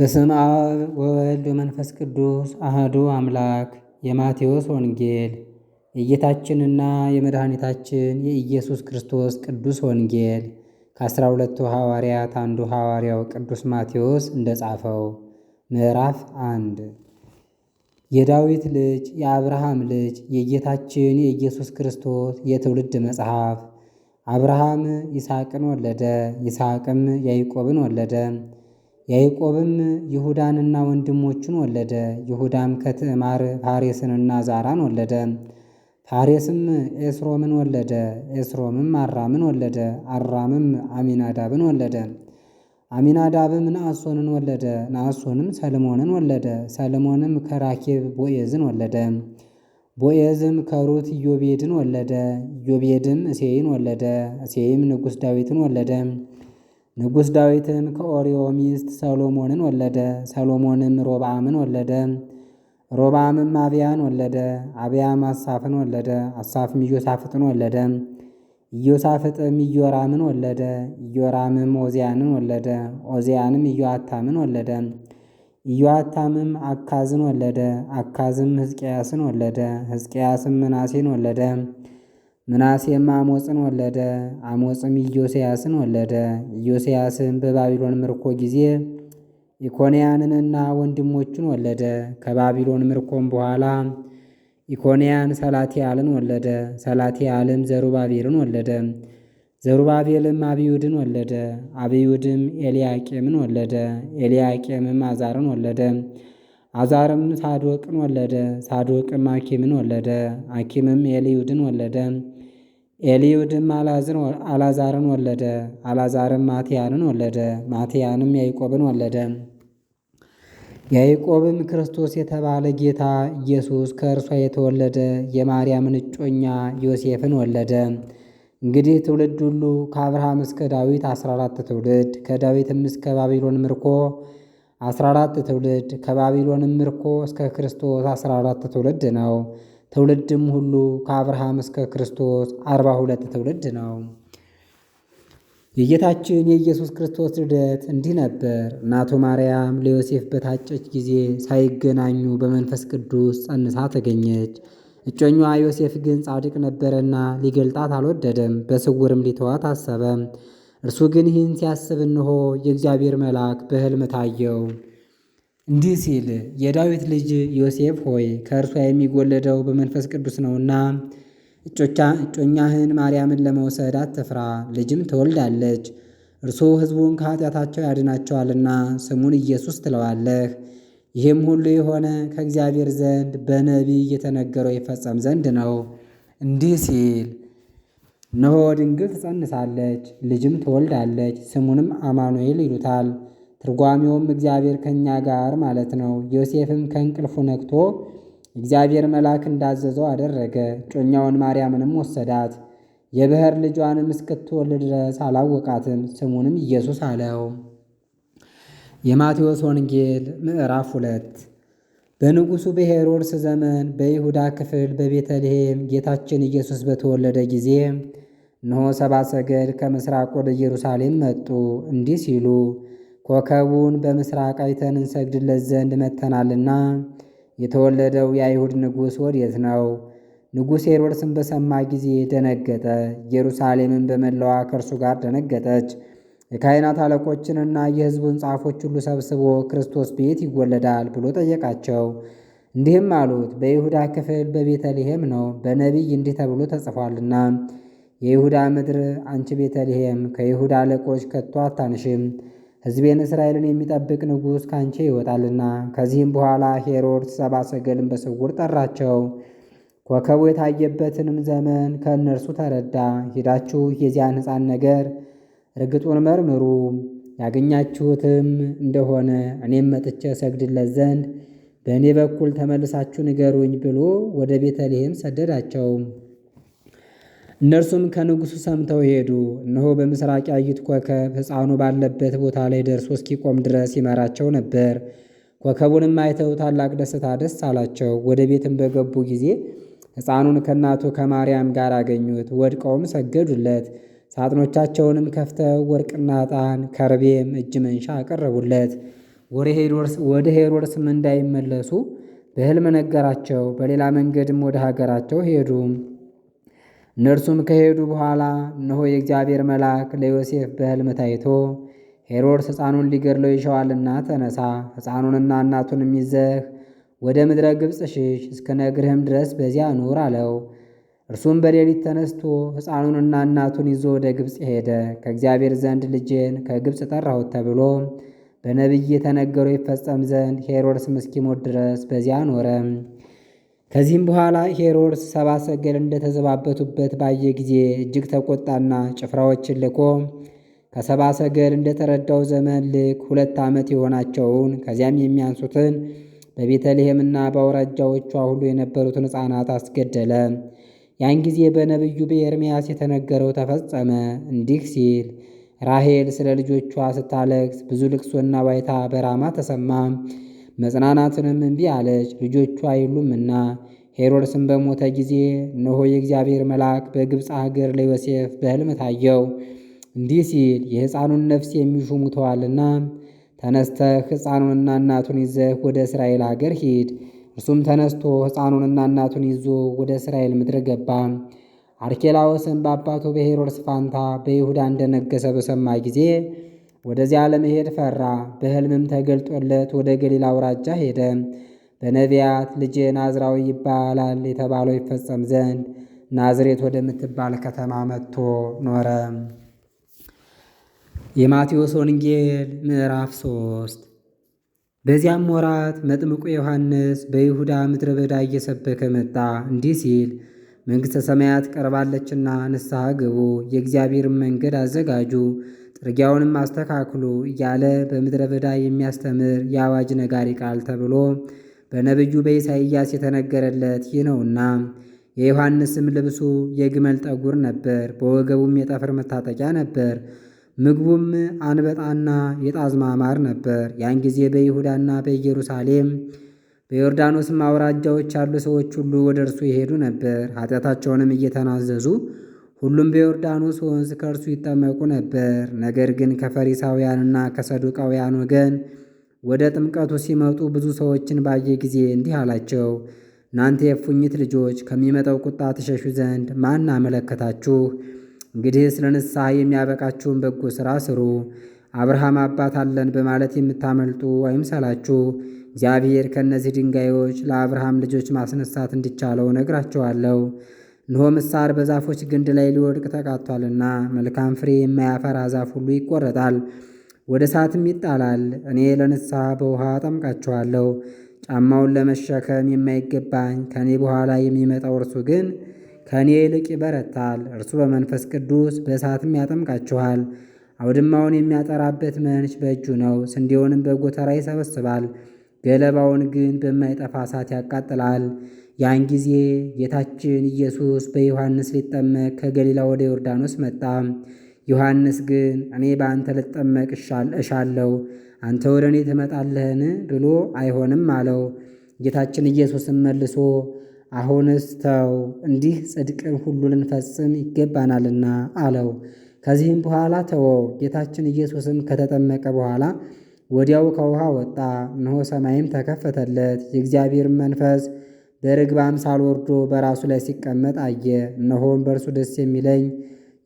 በስመ አብ ወወልድ ወመንፈስ ቅዱስ አህዱ አምላክ። የማቴዎስ ወንጌል የጌታችንና የመድኃኒታችን የኢየሱስ ክርስቶስ ቅዱስ ወንጌል ከአስራ ሁለቱ ሐዋርያት አንዱ ሐዋርያው ቅዱስ ማቴዎስ እንደጻፈው ምዕራፍ አንድ የዳዊት ልጅ የአብርሃም ልጅ የጌታችን የኢየሱስ ክርስቶስ የትውልድ መጽሐፍ። አብርሃም ይስሐቅን ወለደ፣ ይስሐቅም ያዕቆብን ወለደ ያዕቆብም ይሁዳንና ወንድሞቹን ወለደ። ይሁዳም ከትዕማር ፋሬስንና ዛራን ወለደ። ፋሬስም ኤስሮምን ወለደ። ኤስሮምም አራምን ወለደ። አራምም አሚናዳብን ወለደ። አሚናዳብም ነአሶንን ወለደ። ነአሶንም ሰልሞንን ወለደ። ሰልሞንም ከራኬብ ቦኤዝን ወለደ። ቦኤዝም ከሩት ዮቤድን ወለደ። ዮቤድም እሴይን ወለደ። እሴይም ንጉሥ ዳዊትን ወለደ። ንጉሥ ዳዊትም ከኦርዮ ሚስት ሰሎሞንን ወለደ። ሰሎሞንም ሮብዓምን ወለደ። ሮብዓምም አብያን ወለደ። አብያም አሳፍን ወለደ። አሳፍም ኢዮሳፍጥን ወለደ። ኢዮሳፍጥም ኢዮራምን ወለደ። ኢዮራምም ኦዚያንን ወለደ። ኦዚያንም ኢዮአታምን ወለደ። ኢዮአታምም አካዝን ወለደ። አካዝም ሕዝቅያስን ወለደ። ሕዝቅያስም ምናሴን ወለደ። ምናሴም አሞፅን ወለደ። አሞፅም ኢዮስያስን ወለደ። ኢዮስያስም በባቢሎን ምርኮ ጊዜ ኢኮንያንንና ወንድሞቹን ወለደ። ከባቢሎን ምርኮም በኋላ ኢኮንያን ሰላቲያልን ወለደ። ሰላቲያልም ዘሩባቤልን ወለደ። ዘሩባቤልም አብዩድን ወለደ። አብዩድም ኤልያቄምን ወለደ። ኤልያቄምም አዛርን ወለደ። አዛርም ሳዶቅን ወለደ። ሳዶቅም አኪምን ወለደ። አኪምም ኤልዩድን ወለደ። ኤልዩድም አላዛርን ወለደ። አላዛርም ማትያንን ወለደ። ማትያንም ያይቆብን ወለደ። ያዕቆብም ክርስቶስ የተባለ ጌታ ኢየሱስ ከእርሷ የተወለደ የማርያምን እጮኛ ዮሴፍን ወለደ። እንግዲህ ትውልድ ሁሉ ከአብርሃም እስከ ዳዊት 14 ትውልድ ከዳዊትም እስከ ባቢሎን ምርኮ 14 ትውልድ ከባቢሎንም ምርኮ እስከ ክርስቶስ 14 ትውልድ ነው። ትውልድም ሁሉ ከአብርሃም እስከ ክርስቶስ አርባ ሁለት ትውልድ ነው። የጌታችን የኢየሱስ ክርስቶስ ልደት እንዲህ ነበር። እናቱ ማርያም ለዮሴፍ በታጨች ጊዜ ሳይገናኙ በመንፈስ ቅዱስ ጸንሳ ተገኘች። እጮኛዋ ዮሴፍ ግን ጻድቅ ነበረና ሊገልጣት አልወደደም፣ በስውርም ሊተዋት አሰበም። እርሱ ግን ይህን ሲያስብ እንሆ የእግዚአብሔር መልአክ በሕልም ታየው። እንዲህ ሲል የዳዊት ልጅ ዮሴፍ ሆይ ከእርሷ የሚጎለደው በመንፈስ ቅዱስ ነውና እጮኛህን ማርያምን ለመውሰድ አትፍራ፣ ልጅም ትወልዳለች። እርሱ ሕዝቡን ከኃጢአታቸው ያድናቸዋልና ስሙን ኢየሱስ ትለዋለህ። ይህም ሁሉ የሆነ ከእግዚአብሔር ዘንድ በነቢይ እየተነገረው ይፈጸም ዘንድ ነው። እንዲህ ሲል እነሆ ድንግል ትጸንሳለች፣ ልጅም ትወልዳለች፣ ስሙንም አማኑኤል ይሉታል። ትርጓሜውም እግዚአብሔር ከእኛ ጋር ማለት ነው። ዮሴፍም ከእንቅልፉ ነቅቶ እግዚአብሔር መልአክ እንዳዘዘው አደረገ። ጮኛውን ማርያምንም ወሰዳት። የብሔር ልጇንም እስክትወልድ ድረስ አላወቃትም። ስሙንም ኢየሱስ አለው። የማቴዎስ ወንጌል ምዕራፍ ሁለት በንጉሡ በሄሮድስ ዘመን በይሁዳ ክፍል በቤተልሔም ጌታችን ኢየሱስ በተወለደ ጊዜ እነሆ ሰባ ሰገል ከምሥራቅ ወደ ኢየሩሳሌም መጡ እንዲህ ሲሉ ኮከቡን በምስራቅ አይተን እንሰግድለት ዘንድ መተናልና የተወለደው የአይሁድ ንጉሥ ወዴት ነው? ንጉሥ ሄሮድስን በሰማ ጊዜ ደነገጠ። ኢየሩሳሌምን በመላዋ ከእርሱ ጋር ደነገጠች። የካህናት አለቆችንና የሕዝቡን ጻፎች ሁሉ ሰብስቦ ክርስቶስ ቤት ይወለዳል ብሎ ጠየቃቸው። እንዲህም አሉት፣ በይሁዳ ክፍል በቤተልሔም ነው። በነቢይ እንዲህ ተብሎ ተጽፏልና የይሁዳ ምድር አንቺ ቤተልሔም ከይሁዳ አለቆች ከቶ አታንሽም ሕዝቤን እስራኤልን የሚጠብቅ ንጉሥ ካንቼ ይወጣልና። ከዚህም በኋላ ሄሮድስ ሰገልን በስውር ጠራቸው። ኮከቡ የታየበትንም ዘመን ከእነርሱ ተረዳ። ሄዳችሁ የዚያን ሕፃን ነገር እርግጡን መርምሩ፣ ያገኛችሁትም እንደሆነ እኔም መጥቼ ሰግድለት ዘንድ በእኔ በኩል ተመልሳችሁ ንገሩኝ ብሎ ወደ ቤተልሔም ሰደዳቸው። እነርሱም ከንጉሱ ሰምተው ሄዱ። እነሆ በምስራቅ ያዩት ኮከብ ሕፃኑ ባለበት ቦታ ላይ ደርሶ እስኪቆም ድረስ ይመራቸው ነበር። ኮከቡንም አይተው ታላቅ ደስታ ደስ አላቸው። ወደ ቤትም በገቡ ጊዜ ሕፃኑን ከእናቱ ከማርያም ጋር አገኙት። ወድቀውም ሰገዱለት። ሳጥኖቻቸውንም ከፍተው ወርቅና ዕጣን ከርቤም እጅ መንሻ አቀረቡለት። ወደ ሄሮድስም እንዳይመለሱ በሕልም ነገራቸው። በሌላ መንገድም ወደ ሀገራቸው ሄዱ። እነርሱም ከሄዱ በኋላ እነሆ የእግዚአብሔር መልአክ ለዮሴፍ በሕልም ታይቶ ሄሮድስ ሕፃኑን ሊገድለው ይሸዋልና ተነሳ፣ ሕፃኑንና እናቱን ይዘህ ወደ ምድረ ግብፅ ሽሽ፣ ነግርህም ድረስ በዚያ ኑር አለው። እርሱም በሌሊት ተነስቶ ሕፃኑንና እናቱን ይዞ ወደ ግብፅ ሄደ። ከእግዚአብሔር ዘንድ ልጄን ከግብፅ ጠራሁት ተብሎ በነቢይ የተነገረው ይፈጸም ዘንድ ሄሮድስም እስኪሞት ድረስ በዚያ ኖረ። ከዚህም በኋላ ሄሮድስ ሰባ ሰገል እንደተዘባበቱበት ባየ ጊዜ እጅግ ተቆጣና ጭፍራዎችን ልኮ ከሰባ ሰገል እንደተረዳው ዘመን ልክ ሁለት ዓመት የሆናቸውን ከዚያም የሚያንሱትን በቤተልሔምና በአውራጃዎቿ ሁሉ የነበሩትን ሕፃናት አስገደለ። ያን ጊዜ በነቢዩ በኤርምያስ የተነገረው ተፈጸመ፣ እንዲህ ሲል ራሄል ስለ ልጆቿ ስታለቅስ ብዙ ልቅሶና ዋይታ በራማ ተሰማ። መጽናናትንም እምቢ አለች፣ ልጆቿ የሉምና። ሄሮድስም በሞተ ጊዜ እነሆ የእግዚአብሔር መልአክ በግብፅ አገር ለዮሴፍ በሕልም ታየው እንዲህ ሲል የሕፃኑን ነፍስ የሚሹ ሙተዋልና ተነስተህ ሕፃኑንና እናቱን ይዘህ ወደ እስራኤል አገር ሂድ። እርሱም ተነስቶ ሕፃኑንና እናቱን ይዞ ወደ እስራኤል ምድር ገባ። አርኬላዎስም በአባቱ በሄሮድስ ፋንታ በይሁዳ እንደነገሰ በሰማ ጊዜ ወደዚያ ለመሄድ ፈራ። በሕልምም ተገልጦለት ወደ ገሊላ አውራጃ ሄደ። በነቢያት ልጄ ናዝራዊ ይባላል የተባለው ይፈጸም ዘንድ ናዝሬት ወደምትባል ከተማ መጥቶ ኖረ። የማቴዎስ ወንጌል ምዕራፍ ሶስት በዚያም ወራት መጥምቁ ዮሐንስ በይሁዳ ምድረ በዳ እየሰበከ መጣ እንዲህ ሲል መንግሥተ ሰማያት ቀርባለችና ንስሐ ግቡ፣ የእግዚአብሔርን መንገድ አዘጋጁ፣ ጥርጊያውንም አስተካክሉ እያለ በምድረ በዳ የሚያስተምር የአዋጅ ነጋሪ ቃል ተብሎ በነቢዩ በኢሳይያስ የተነገረለት ይህ ነውና። የዮሐንስም ልብሱ የግመል ጠጉር ነበር፣ በወገቡም የጠፍር መታጠቂያ ነበር። ምግቡም አንበጣና የጣዝማ ማር ነበር። ያን ጊዜ በይሁዳና በኢየሩሳሌም በዮርዳኖስም አውራጃዎች ያሉ ሰዎች ሁሉ ወደ እርሱ ይሄዱ ነበር፣ ኃጢአታቸውንም እየተናዘዙ ሁሉም በዮርዳኖስ ወንዝ ከእርሱ ይጠመቁ ነበር። ነገር ግን ከፈሪሳውያንና ከሰዱቃውያን ወገን ወደ ጥምቀቱ ሲመጡ ብዙ ሰዎችን ባየ ጊዜ እንዲህ አላቸው፣ እናንተ የእፉኝት ልጆች ከሚመጣው ቁጣ ትሸሹ ዘንድ ማን አመለከታችሁ? እንግዲህ ስለ ንስሐ የሚያበቃችሁን በጎ ሥራ ስሩ። አብርሃም አባት አለን በማለት የምታመልጡ አይምሰላችሁ። እግዚአብሔር ከእነዚህ ድንጋዮች ለአብርሃም ልጆች ማስነሳት እንዲቻለው ነግራቸዋለሁ። ንሆ ምሳር በዛፎች ግንድ ላይ ሊወድቅ ተቃቷልና መልካም ፍሬ የማያፈራ ዛፍ ሁሉ ይቆረጣል፣ ወደ እሳትም ይጣላል። እኔ ለንስሐ በውሃ አጠምቃቸዋለሁ ጫማውን ለመሸከም የማይገባኝ ከእኔ በኋላ የሚመጣው እርሱ ግን ከእኔ ይልቅ ይበረታል። እርሱ በመንፈስ ቅዱስ በእሳትም ያጠምቃችኋል። አውድማውን የሚያጠራበት መንሽ በእጁ ነው። ስንዴውንም በጎተራ ይሰበስባል፣ ገለባውን ግን በማይጠፋ እሳት ያቃጥላል። ያን ጊዜ ጌታችን ኢየሱስ በዮሐንስ ሊጠመቅ ከገሊላ ወደ ዮርዳኖስ መጣ። ዮሐንስ ግን እኔ በአንተ ልጠመቅ እሻለሁ፣ አንተ ወደ እኔ ትመጣለህን ብሎ አይሆንም አለው። ጌታችን ኢየሱስም መልሶ አሁንስ ተው፣ እንዲህ ጽድቅን ሁሉ ልንፈጽም ይገባናልና አለው። ከዚህም በኋላ ተወው። ጌታችን ኢየሱስም ከተጠመቀ በኋላ ወዲያው ከውሃ ወጣ፣ እነሆ ሰማይም ተከፈተለት፣ የእግዚአብሔር መንፈስ በርግብ አምሳል ወርዶ በራሱ ላይ ሲቀመጥ አየ። እነሆም በእርሱ ደስ የሚለኝ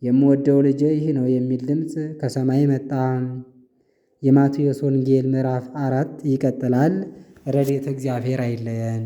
የምወደው ልጄ ይህ ነው የሚል ድምፅ ከሰማይ መጣ። የማቴዎስ ወንጌል ምዕራፍ አራት ይቀጥላል። ረድኤተ እግዚአብሔር አይለየን።